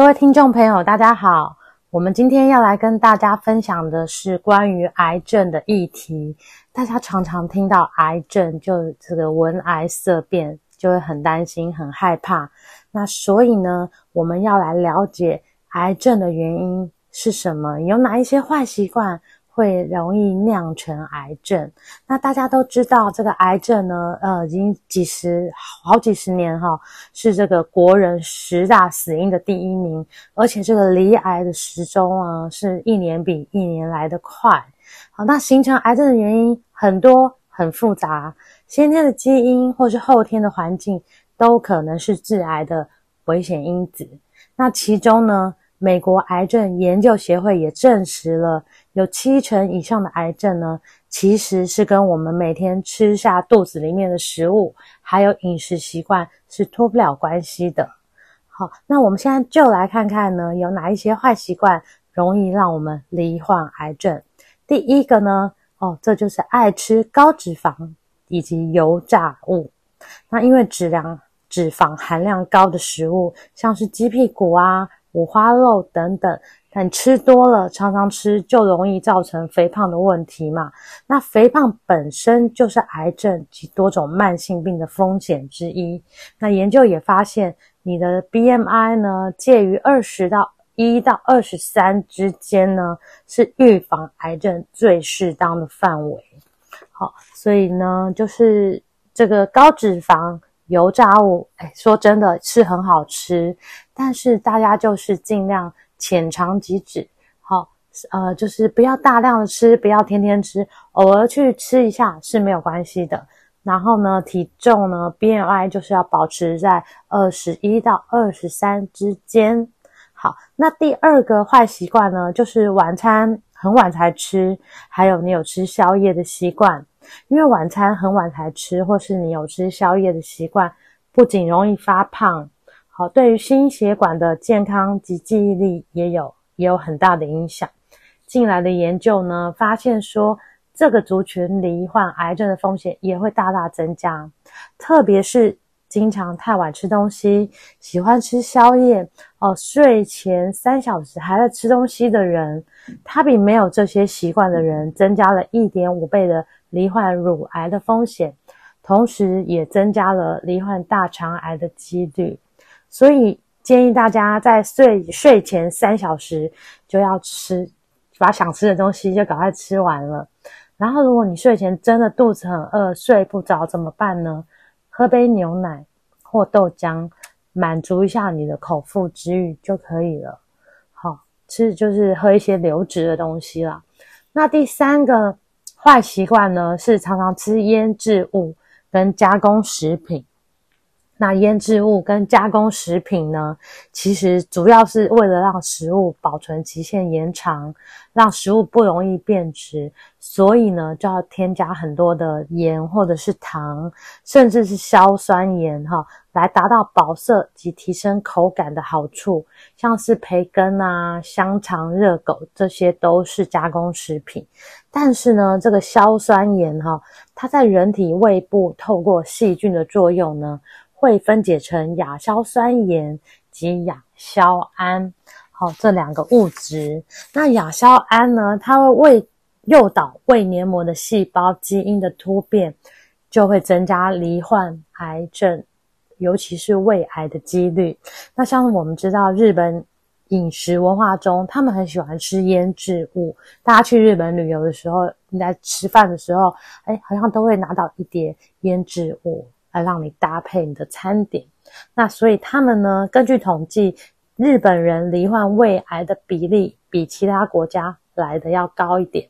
各位聽眾朋友，大家好。我們今天要來跟大家分享的是關於癌症的議題。大家常常聽到癌症，就這個聞癌色變，就會很擔心、很害怕。那所以呢，我們要來了解癌症的原因是什麼？有哪一些壞習慣？會容易釀成癌症。那大家都知道，這個癌症呢，呃，已經幾十、好幾十年哈，是這個國人十大死因的第一名。而且這個罹癌的時鐘啊，是一年比一年來得快。好，那形成癌症的原因很多，很複雜，先天的基因或是後天的環境，都可能是致癌的危險因子。那其中呢，美國癌症研究協會也證實了，有七成以上的癌症呢，其實是跟我們每天吃下肚子裡面的食物，還有飲食習慣是脫不了關係的。好，那我們現在就來看看呢，有哪一些壞習慣容易讓我們罹患癌症？第一個呢，哦，這就是愛吃高脂肪以及油炸物。那因為質量脂肪含量高的食物，像是雞屁股啊。五花肉等等，但吃多了，常常吃就容易造成肥胖的問題嘛。那肥胖本身就是癌症及多種慢性病的風險之一。那研究也發現，你的 BMI 呢介於二十到一到二十三之間呢，是預防癌症最適當的範圍。好，所以呢，就是這個高脂肪油炸物，哎，說真的是很好吃。但是大家就是盡量淺嘗即止，好，呃，就是不要大量的吃，不要天天吃，偶爾去吃一下是沒有關係的。然後呢，體重呢，BMI 就是要保持在二十一到二十三之間。好，那第二個壞習慣呢，就是晚餐很晚才吃，還有你有吃宵夜的習慣。因為晚餐很晚才吃，或是你有吃宵夜的習慣，不僅容易發胖。哦，對於心血管的健康及記憶力也有也有很大的影響。近來的研究呢，發現說這個族群罹患癌症的風險也會大大增加，特別是經常太晚吃東西、喜歡吃宵夜、哦，睡前三小時還在吃東西的人，他比沒有這些習慣的人增加了一點五倍的罹患乳癌的風險，同時也增加了罹患大腸癌的幾率。所以建議大家在睡睡前三小時就要吃，把想吃的東西就趕快吃完了。然後，如果你睡前真的肚子很餓、睡不着，怎麼辦呢？喝杯牛奶或豆漿，滿足一下你的口腹之欲就可以了。好，吃就是喝一些流質的東西啦。那第三個壞習慣呢，是常常吃醃製物跟加工食品。那醃製物跟加工食品呢，其實主要是為了讓食物保存期限延長，讓食物不容易變質，所以呢就要添加很多的鹽或者是糖，甚至是硝酸鹽哈，來達到保色及提升口感的好處。像是培根啊、香腸、熱狗這些都是加工食品，但是呢，這個硝酸鹽哈，它在人體胃部透過細菌的作用呢，會分解成亞硝酸鹽及亞硝胺，好，這兩個物質。那亞硝胺呢？它會胃誘導胃黏膜的細胞基因的突變，就會增加罹患癌症，尤其是胃癌的幾率。那像我們知道日本飲食文化中，他們很喜歡吃醃製物。大家去日本旅遊的時候，你來吃飯的時候，哎，好像都會拿到一碟醃製物。來讓你搭配你的餐點，那所以他們呢，根據統計，日本人罹患胃癌的比例比其他國家來的要高一點，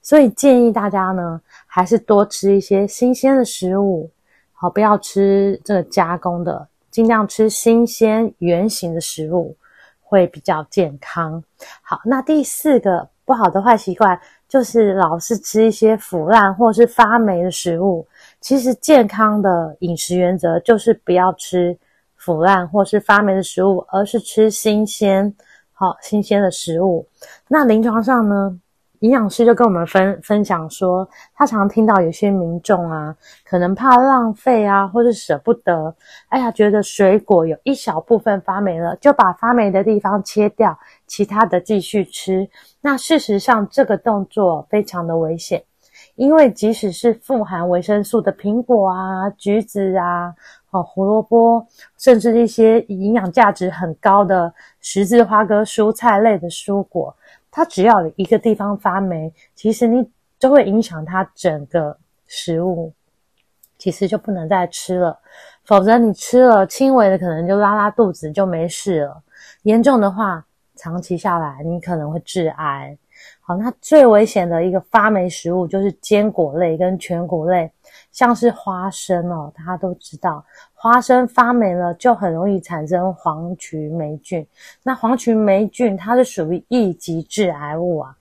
所以建議大家呢，還是多吃一些新鮮的食物，好，不要吃這個加工的，儘量吃新鮮原型的食物，會比較健康。好，那第四個不好的壞習慣就是老是吃一些腐爛或是發霉的食物。其實健康的飲食原則就是不要吃腐爛或是發霉的食物，而是吃新鮮，好，新鮮的食物。那臨床上呢，營養師就跟我們分，分享說，他常聽到有些民眾啊，可能怕浪費啊，或是捨不得，哎呀，覺得水果有一小部分發霉了，就把發霉的地方切掉，其他的繼續吃。那事實上，這個動作非常的危險。因為即使是富含維生素的蘋果啊、橘子啊、哦、胡蘿蔔，甚至一些營養價值很高的十字花科蔬菜類的蔬果，它只要有一個地方發霉，其實你就會影響它整個食物，其實就不能再吃了。否則你吃了，輕微的可能就拉拉肚子就沒事了，嚴重的話，長期下來你可能會致癌。好，那最危險的一個發霉食物就是堅果類跟全穀類，像是花生哦，大家都知道，花生發霉了就很容易產生黃麴黴菌。那黃麴黴菌它是屬於一級致癌物啊，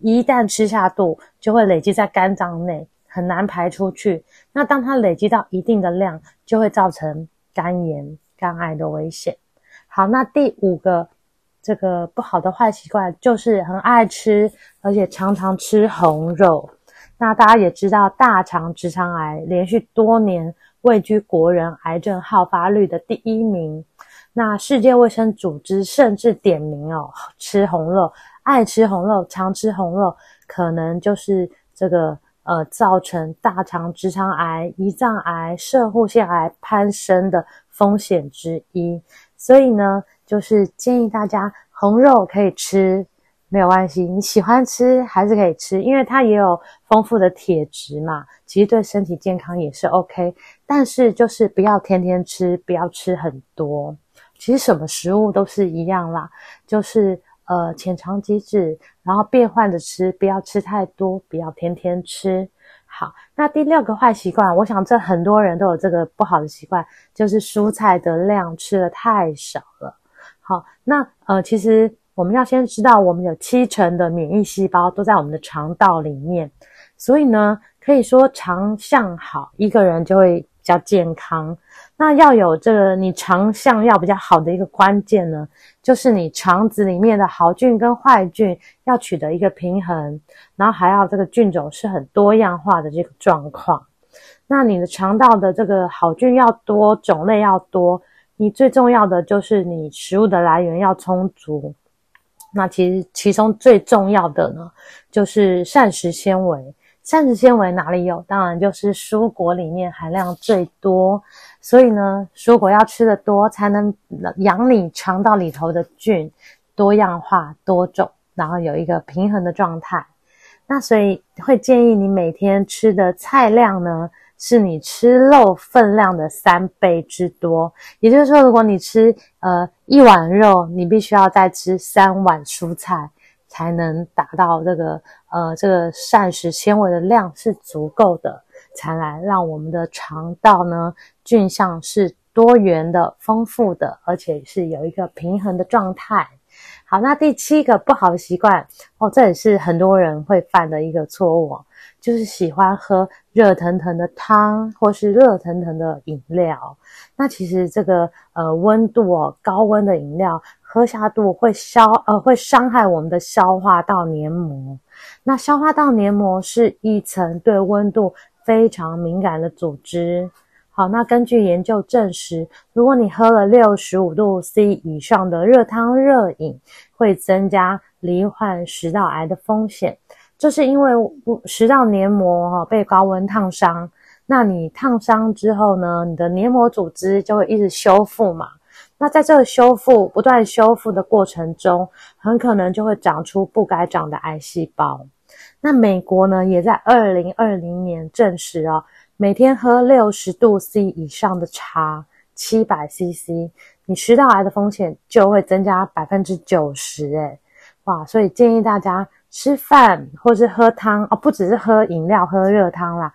一旦吃下肚就會累積在肝臟內，很難排出去。那當它累積到一定的量，就會造成肝炎、肝癌的危險。好，那第五個。這個不好的壞習慣就是很愛吃，而且常常吃紅肉。那大家也知道，大腸直腸癌連續多年位居國人癌症好發率的第一名。那世界衛生組織甚至點名哦，吃紅肉、愛吃紅肉、常吃紅肉，可能就是這個呃，造成大腸直腸癌、胰臟癌、攝護腺癌攀升的風險之一。所以呢。就是建議大家紅肉可以吃，沒有關係，你喜歡吃還是可以吃，因為它也有豐富的鐵質嘛，其實對身體健康也是 OK。但是就是不要天天吃，不要吃很多。其實什麼食物都是一樣啦，就是呃，淺嘗即止，然後變換着吃，不要吃太多，不要天天吃。好，那第六個壞習慣，我想這很多人都有這個不好的習慣，就是蔬菜的量吃得太少了。好，那呃，其實我們要先知道，我們有七成的免疫細胞都在我們的腸道裡面，所以呢，可以說腸相好，一個人就會比較健康。那要有這個，你腸相要比較好的一個關鍵呢，就是你腸子裡面的好菌跟壞菌要取得一個平衡，然後還要這個菌種是很多樣化的這個狀況。那你的腸道的這個好菌要多，種類要多。你最重要的就是你食物的來源要充足，那其實其中最重要的呢，就是膳食纖維。膳食纖維哪裡有？當然就是蔬果裡面含量最多，所以呢，蔬果要吃得多，才能養你腸道裡頭的菌，多樣化、多種，然後有一個平衡的狀態。那所以會建議你每天吃的菜量呢，是你吃肉分量的三倍之多，也就是說，如果你吃呃一碗肉，你必須要再吃三碗蔬菜，才能達到這個呃這個膳食纖維的量是足夠的，才能讓我們的腸道呢菌相是多元的、豐富的，而且是有一個平衡的狀態。好，那第七個不好的習慣哦，這也是很多人會犯的一個錯誤哦，就是喜歡喝。熱騰騰的湯，或是熱騰騰的飲料，那其實這個呃溫度哦，高溫的飲料喝下肚會消呃會傷害我們的消化道黏膜。那消化道黏膜是一層對溫度非常敏感的組織。好，那根據研究證實，如果你喝了六十五度 C 以上的熱湯、熱飲，會增加罹患食道癌的風險。就是因為食道黏膜哈被高溫燙傷，那你燙傷之後呢，你的黏膜組織就會一直修復嘛。那在這個修復不斷修復的過程中，很可能就會長出不該長的癌細胞。那美國呢，也在二零二零年證實哦，每天喝六十度 C 以上的茶七百 CC，你食道癌的風險就會增加百分之九十哎，哇！所以建議大家。吃飯或是喝湯、哦、不只是喝飲料，喝熱湯啦。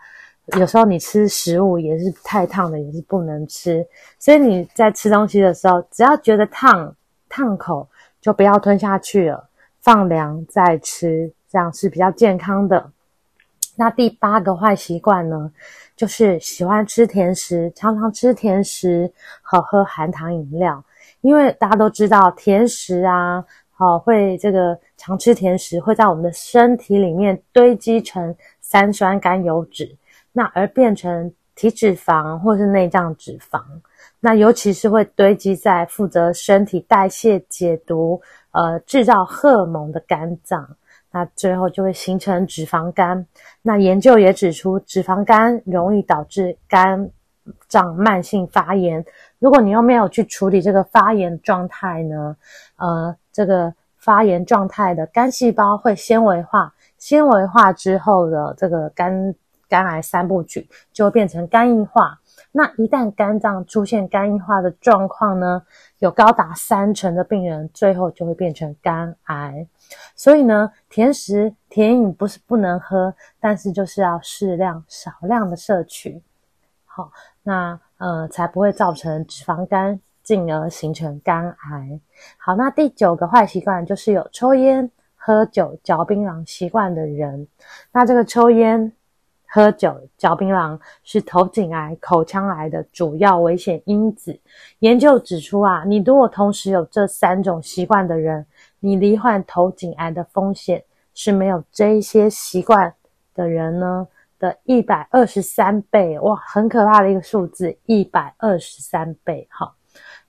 有時候你吃食物也是太燙的，也是不能吃。所以你在吃東西的時候，只要覺得燙燙口，就不要吞下去了，放涼再吃，這樣是比較健康的。那第八個壞習慣呢，就是喜歡吃甜食，常常吃甜食和喝含糖飲料，因為大家都知道甜食啊。哦，會這個常吃甜食會在我們的身體裡面堆積成三酸甘油脂，那而變成體脂肪或是內臟脂肪，那尤其是會堆積在負責身體代謝解毒，呃製造荷爾蒙的肝臟，那最後就會形成脂肪肝。那研究也指出，脂肪肝容易導致肝臟慢性發炎，如果你又沒有去處理這個發炎狀態呢，呃。這個發炎狀態的肝細胞會纖維化，纖維化之後的這個肝肝癌三部曲就會變成肝硬化。那一旦肝臟出現肝硬化的狀況呢，有高達三成的病人最後就會變成肝癌。所以呢，甜食、甜飲不是不能喝，但是就是要適量、少量的攝取，好，那呃才不會造成脂肪肝。進而形成肝癌。好，那第九個壞習慣就是有抽菸、喝酒、嚼檳榔習慣的人。那這個抽菸、喝酒、嚼檳榔是頭頸癌、口腔癌的主要危險因子。研究指出啊，你如果同時有這三種習慣的人，你罹患頭頸癌的風險是沒有這一些習慣的人呢的一百二十三倍。哇，很可怕的一個數字，一百二十三倍。哈。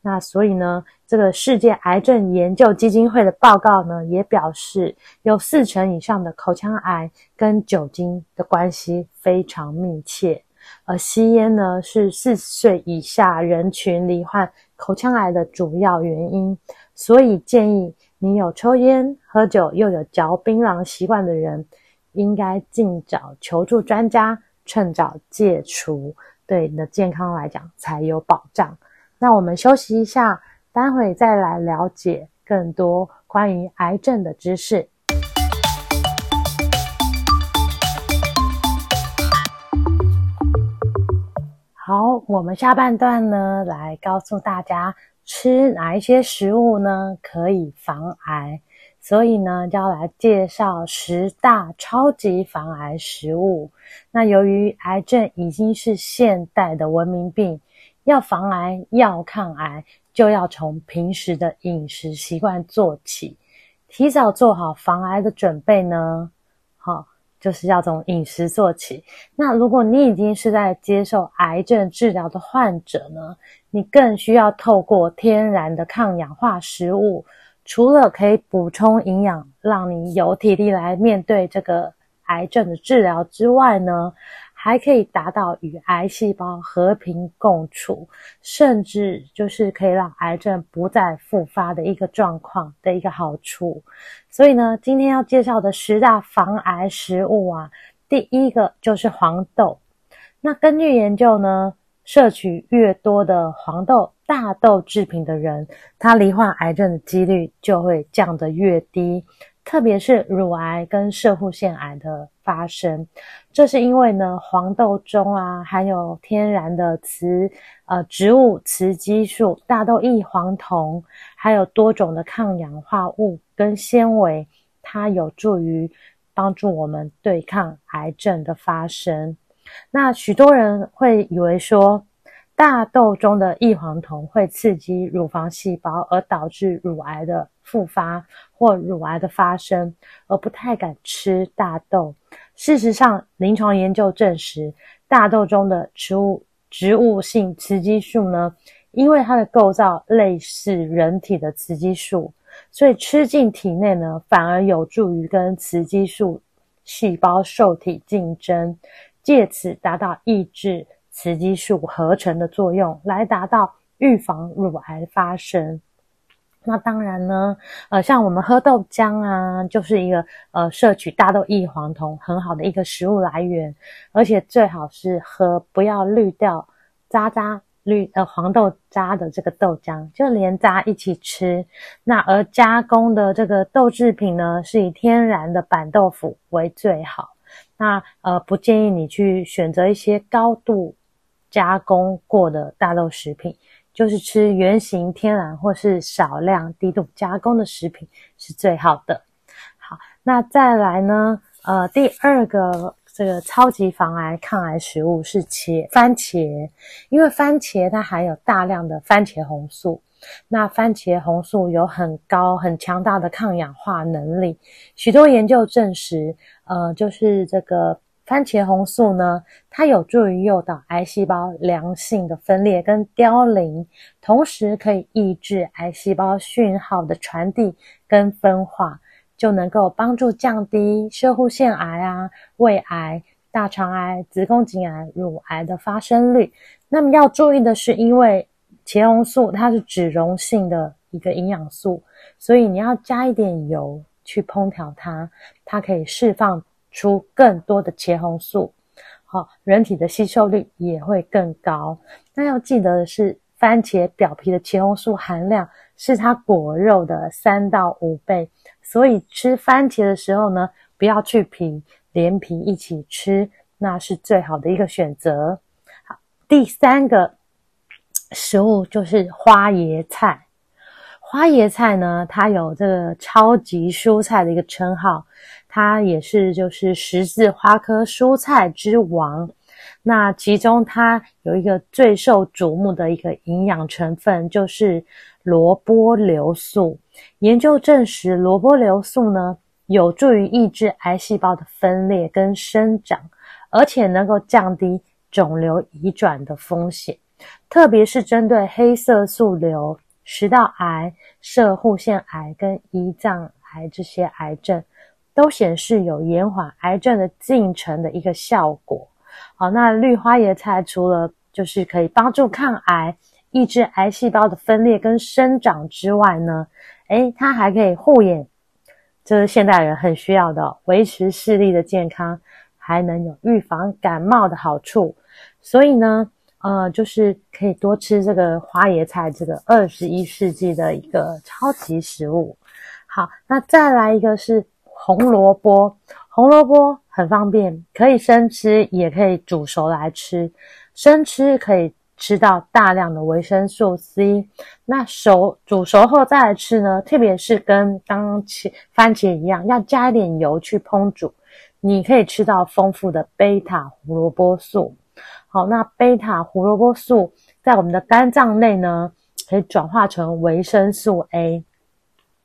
那所以呢，這個世界癌症研究基金會的報告呢，也表示有四成以上的口腔癌跟酒精的關係非常密切，而吸煙呢，是四十歲以下人群罹患口腔癌的主要原因。所以建議你有抽菸、喝酒又有嚼檳榔習慣的人，應該儘早求助專家，趁早戒除，對你的健康來講才有保障。那我們休息一下，待會再來了解更多關於癌症的知識。好，我們下半段呢，來告訴大家吃哪一些食物呢，可以防癌。所以呢，就要來介紹十大超級防癌食物。那由於癌症已經是現代的文明病。要防癌，要抗癌，就要從平時的飲食習慣做起，提早做好防癌的準備呢。好，就是要從飲食做起。那如果你已經是在接受癌症治療的患者呢，你更需要透過天然的抗氧化食物，除了可以補充營養，讓你有體力來面對這個癌症的治療之外呢，還可以達到與癌細胞和平共處，甚至就是可以讓癌症不再復發的一個狀況的一個好處。所以呢，今天要介紹的十大防癌食物啊，第一個就是黃豆。那根據研究呢，攝取越多的黃豆、大豆製品的人，他罹患癌症的幾率就會降得越低，特別是乳癌跟射護腺癌的發生，這是因為呢，黃豆中啊，含有天然的雌呃植物雌激素、大豆異黃酮，還有多種的抗氧化物跟纖維，它有助於幫助我們對抗癌症的發生。那許多人會以為說，大豆中的異黃酮會刺激乳房細胞，而導致乳癌的復發或乳癌的發生，而不太敢吃大豆。事實上，臨床研究證實，大豆中的植物植物性雌激素呢，因為它的構造類似人體的雌激素，所以吃進體內呢，反而有助於跟雌激素細胞受體競爭，借此達到抑制。雌激素合成的作用，來達到預防乳癌發生。那當然呢，呃，像我們喝豆漿啊，就是一個呃攝取大豆異黃酮很好的一個食物來源，而且最好是喝不要濾掉渣渣濾呃黃豆渣的這個豆漿，就連渣一起吃。那而加工的這個豆製品呢，是以天然的板豆腐為最好。那呃，不建議你去選擇一些高度加工過的大豆食品，就是吃原型天然或是少量低度加工的食品是最好的。好，那再來呢？呃，第二個這個超級防癌抗癌食物是茄番茄，因為番茄它含有大量的番茄紅素，那番茄紅素有很高很強大的抗氧化能力，許多研究證實，呃，就是這個。番茄紅素呢，它有助於誘導癌細胞良性的分裂跟凋零，同時可以抑制癌細胞訊號的傳遞跟分化，就能夠幫助降低攝護腺癌啊、胃癌、大腸癌、子宮頸癌、乳癌的發生率。那麼要注意的是，因為茄紅素它是脂溶性的一個營養素，所以你要加一點油去烹調它，它可以釋放。出更多的茄紅素，好，人體的吸收率也會更高。那要記得的是，番茄表皮的茄紅素含量是它果肉的三到五倍，所以吃番茄的時候呢，不要去皮，連皮一起吃，那是最好的一個選擇。好，第三個食物就是花椰菜。花椰菜呢，它有這個超級蔬菜的一個稱號，它也是就是十字花科蔬菜之王。那其中它有一個最受矚目的一個營養成分，就是蘿蔔硫素。研究證實，蘿蔔硫素呢有助於抑制癌細胞的分裂跟生長，而且能夠降低腫瘤移轉的風險，特別是針對黑色素瘤。食道癌、攝護腺癌跟胰臟癌這些癌症，都顯示有延緩癌症的進程的一個效果。好，那綠花椰菜除了就是可以幫助抗癌、抑制癌細胞的分裂跟生長之外呢，誒、欸，它還可以護眼，這、就是現代人很需要的，維持視力的健康，還能有預防感冒的好處。所以呢。呃，就是可以多吃這個花椰菜，這個二十一世紀的一個超級食物。好，那再來一個是紅蘿蔔，紅蘿蔔很方便，可以生吃，也可以煮熟來吃。生吃可以吃到大量的維生素 C，那熟煮熟後再來吃呢，特別是跟剛剛番茄一樣，要加一點油去烹煮，你可以吃到豐富的貝塔胡蘿蔔素。好，那貝塔胡蘿蔔素在我們的肝臟內呢，可以轉化成維生素 A，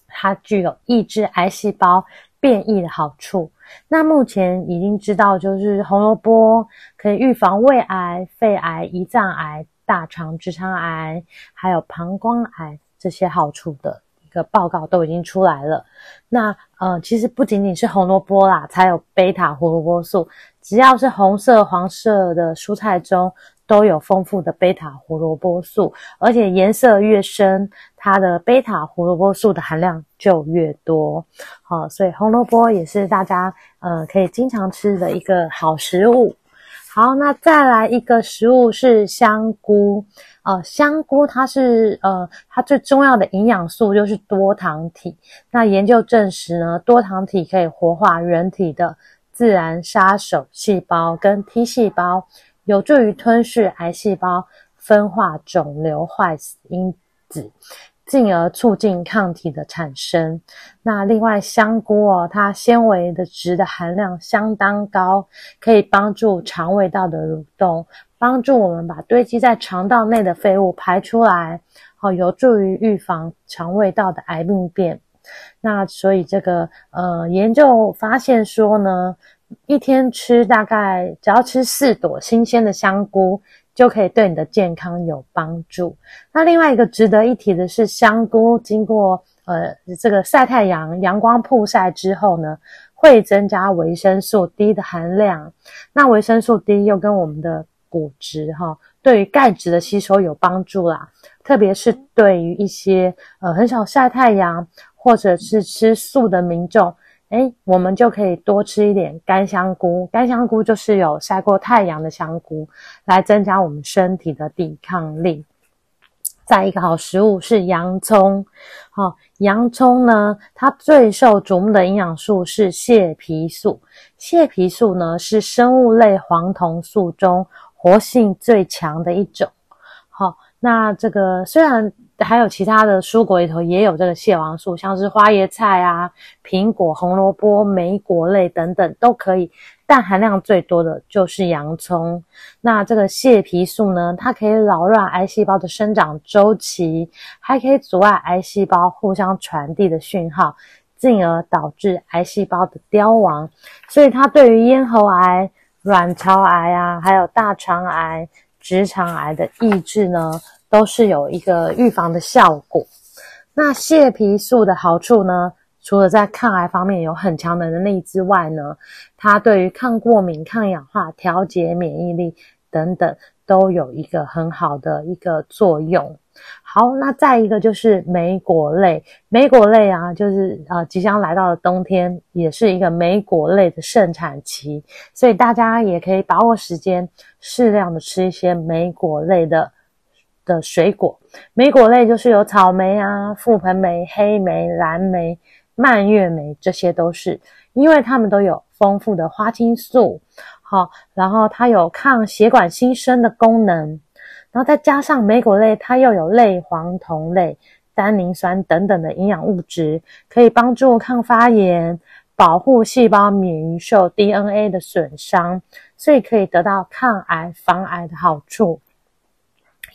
它具有抑制癌細胞變異的好處。那目前已經知道，就是紅蘿蔔可以預防胃癌、肺癌、胰臟癌、大腸直腸癌，還有膀胱癌這些好處的一個報告都已經出來了。那呃，其實不僅僅是紅蘿蔔啦，才有貝塔胡蘿蔔素。只要是紅色、黃色的蔬菜中，都有豐富的貝塔胡蘿蔔素，而且顏色越深，它的貝塔胡蘿蔔素的含量就越多。好，所以紅蘿蔔也是大家呃可以經常吃的一個好食物。好，那再來一個食物是香菇。呃，香菇它是呃，它最重要的營養素就是多糖體。那研究證實呢，多糖體可以活化人體的。自然殺手細胞跟 T 細胞有助於吞噬癌細胞，分化腫瘤壞死因子，進而促進抗體的產生。那另外，香菇哦，它纖維的質的含量相當高，可以幫助腸胃道的蠕動，幫助我們把堆積在腸道內的廢物排出來，好、哦，有助於預防腸胃道的癌病變。那所以這個呃研究發現說呢，一天吃大概只要吃四朵新鮮的香菇，就可以對你的健康有幫助。那另外一個值得一提的是，香菇經過呃這個曬太陽、陽光曝曬之後呢，會增加維生素 D 的含量。那維生素 D 又跟我們的骨質哈，對於鈣質的吸收有幫助啦，特別是對於一些呃很少曬太陽。或者是吃素的民眾，哎，我們就可以多吃一點乾香菇。乾香菇就是有曬過太陽的香菇，來增加我們身體的抵抗力。再一個好食物是洋蔥，好，洋蔥呢，它最受矚目的營養素是蟹皮素。蟹皮素呢，是生物類黃酮素中活性最強的一種。好，那這個雖然。還有其他的蔬果裡頭也有這個槲皮素，像是花椰菜啊、蘋果、紅蘿蔔、莓果類等等都可以。但含量最多的就是洋蔥。那這個槲皮素呢，它可以擾亂癌細胞的生長周期，還可以阻礙癌細胞互相傳遞的訊號，進而導致癌細胞的凋亡。所以它對於咽喉癌、卵巢癌啊，還有大腸癌、直腸癌的抑制呢，都是有一個預防的效果。那槲皮素的好處呢，除了在抗癌方面有很強的能力之外呢，它對於抗過敏、抗氧化、調節免疫力等等都有一個很好的一個作用。好，那再一個就是莓果類，莓果類啊，就是呃，即將來到了冬天，也是一個莓果類的盛產期，所以大家也可以把握時間，適量的吃一些莓果類的的水果，莓果類就是有草莓啊、覆盆莓、黑莓、藍莓、蔓越莓，這些都是，因為它們都有豐富的花青素，好，然後它有抗血管新生的功能，然後再加上莓果類，它又有類黃酮類、單寧酸等等的營養物質，可以幫助抗發炎、保護細胞免於受 DNA 的損傷，所以可以得到抗癌防癌的好處。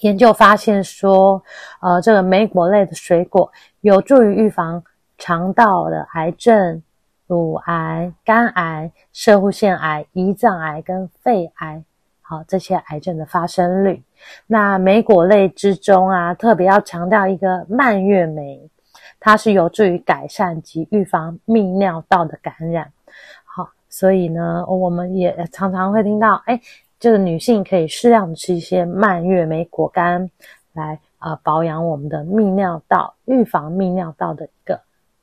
研究發現說，呃，這個莓果類的水果有助於預防腸道的癌症、乳癌、肝癌、攝護腺癌、胰臟癌跟肺癌，好，這些癌症的發生率。嗯、那莓果類之中啊，特別要強調一個蔓越莓，它是有助於改善及預防泌尿道的感染。好，所以呢，我們也常常會聽到，哎、欸。就是女性可以適量的吃一些蔓越莓果乾，來呃保養我們的泌尿道，預防泌尿道的一個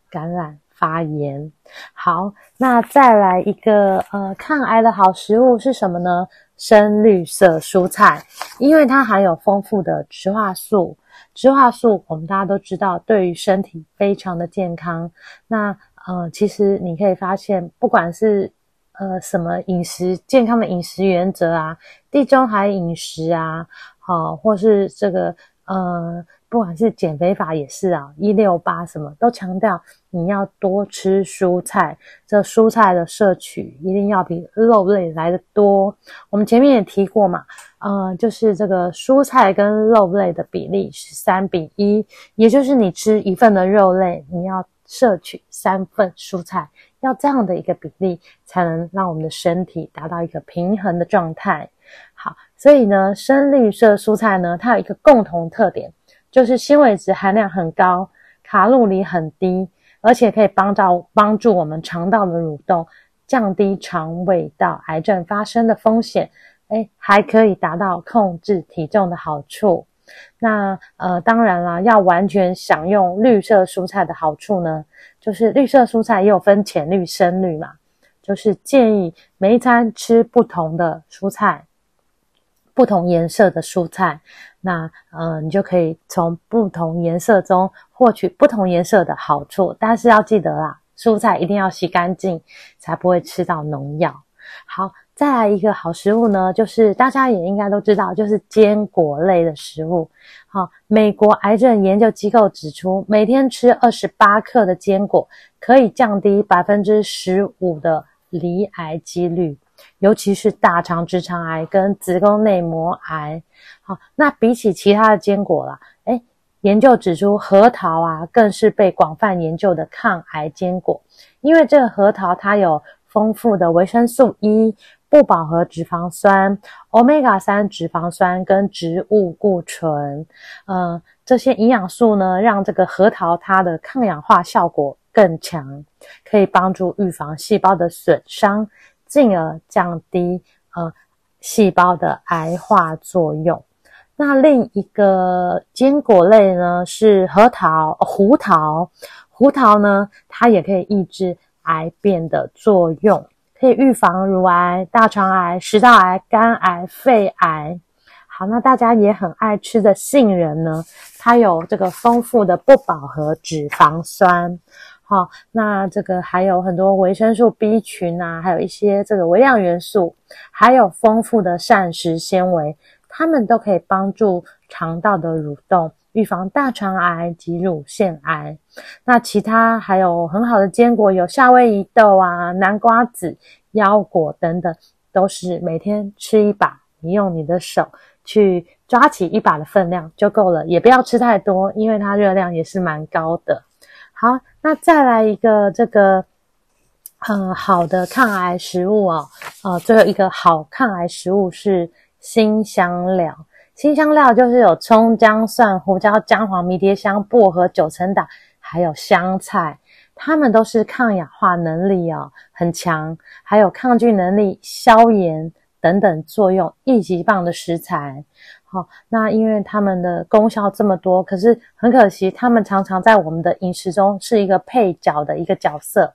感染發炎。好，那再來一個呃抗癌的好食物是什麼呢？深綠色蔬菜，因為它含有豐富的植化素，植化素我們大家都知道，對於身體非常的健康。那呃，其實你可以發現，不管是呃，什麼飲食健康的飲食原則啊，地中海飲食啊，好、哦，或是這個呃，不管是減肥法也是啊，一六八什麼都強調你要多吃蔬菜，這蔬菜的攝取一定要比肉類來得多。我們前面也提過嘛，呃，就是這個蔬菜跟肉類的比例是三比一，也就是你吃一份的肉類，你要。攝取三份蔬菜，要這樣的一個比例，才能讓我們的身體達到一個平衡的狀態。好，所以呢，深綠色蔬菜呢，它有一個共同特點，就是纖維質含量很高，卡路里很低，而且可以幫到幫助我們腸道的蠕動，降低腸胃道癌症發生的風險。哎、欸，還可以達到控制體重的好處。那呃，當然啦，要完全享用綠色蔬菜的好處呢，就是綠色蔬菜也有分淺綠、深綠嘛，就是建議每一餐吃不同的蔬菜，不同顏色的蔬菜。那呃，你就可以從不同顏色中獲取不同顏色的好處。但是要記得啦，蔬菜一定要洗乾淨，才不會吃到農藥。好。再來一個好食物呢，就是大家也應該都知道，就是堅果類的食物。好、啊，美國癌症研究機構指出，每天吃二十八克的堅果，可以降低百分之十五的罹癌幾率，尤其是大腸直腸癌跟子宮內膜癌。好、啊，那比起其他的堅果啦，誒，研究指出核桃啊，更是被廣泛研究的抗癌堅果，因為這個核桃它有豐富的維生素 E。不飽和脂肪酸、Omega 三脂肪酸跟植物固醇，呃，這些營養素呢，讓這個核桃它的抗氧化效果更強，可以幫助預防細胞的損傷，進而降低呃細胞的癌化作用。那另一個堅果類呢是核桃、哦、胡桃，胡桃呢它也可以抑制癌變的作用。可以預防乳癌、大腸癌、食道癌、肝癌、肺癌。好，那大家也很愛吃的杏仁呢，它有這個豐富的不飽和脂肪酸，好，那這個還有很多維生素 B 群啊，還有一些這個微量元素，還有豐富的膳食纖維，它們都可以幫助腸道的蠕動，預防大腸癌及乳腺癌，那其他還有很好的堅果，有夏威夷豆啊、南瓜子、腰果等等，都是每天吃一把。你用你的手去抓起一把的分量就夠了，也不要吃太多，因為它熱量也是蠻高的。好，那再來一個這個嗯好的抗癌食物哦，啊、呃，最後一個好抗癌食物是辛香料。辛香料就是有蔥、薑、蒜、胡椒、薑黃、迷迭香、薄荷、九層塔，還有香菜，它們都是抗氧化能力哦很強，還有抗菌能力、消炎等等作用，一級棒的食材。好，那因為它們的功效這麼多，可是很可惜，它們常常在我們的飲食中是一個配角的一個角色。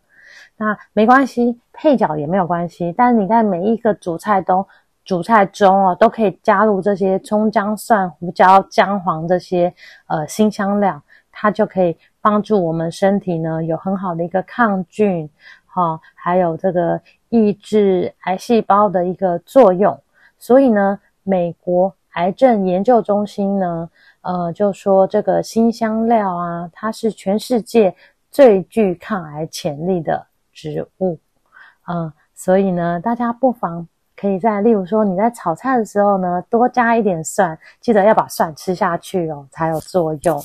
那沒關係，配角也沒有關係，但是你看每一個主菜都。主菜中啊，都可以加入這些蔥、薑、蒜、胡椒、薑黃這些呃辛香料，它就可以幫助我們身體呢有很好的一個抗菌，哈、哦，還有這個抑制癌細胞的一個作用。所以呢，美國癌症研究中心呢，呃，就說這個辛香料啊，它是全世界最具抗癌潛力的植物，嗯、呃，所以呢，大家不妨。可以在，例如說你在炒菜的時候呢，多加一點蒜，記得要把蒜吃下去哦，才有作用。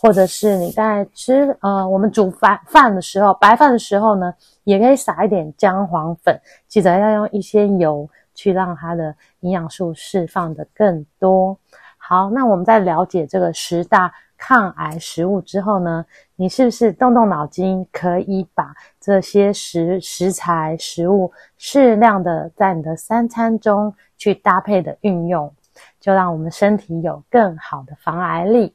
或者是你在吃，呃，我們煮飯飯的時候，白飯的時候呢，也可以撒一點薑黃粉，記得要用一些油去讓它的營養素釋放的更多。好，那我們在了解這個十大抗癌食物之後呢，你是不是動動腦筋，可以把這些食食材、食物適量的在你的三餐中去搭配的運用，就讓我們身體有更好的防癌力。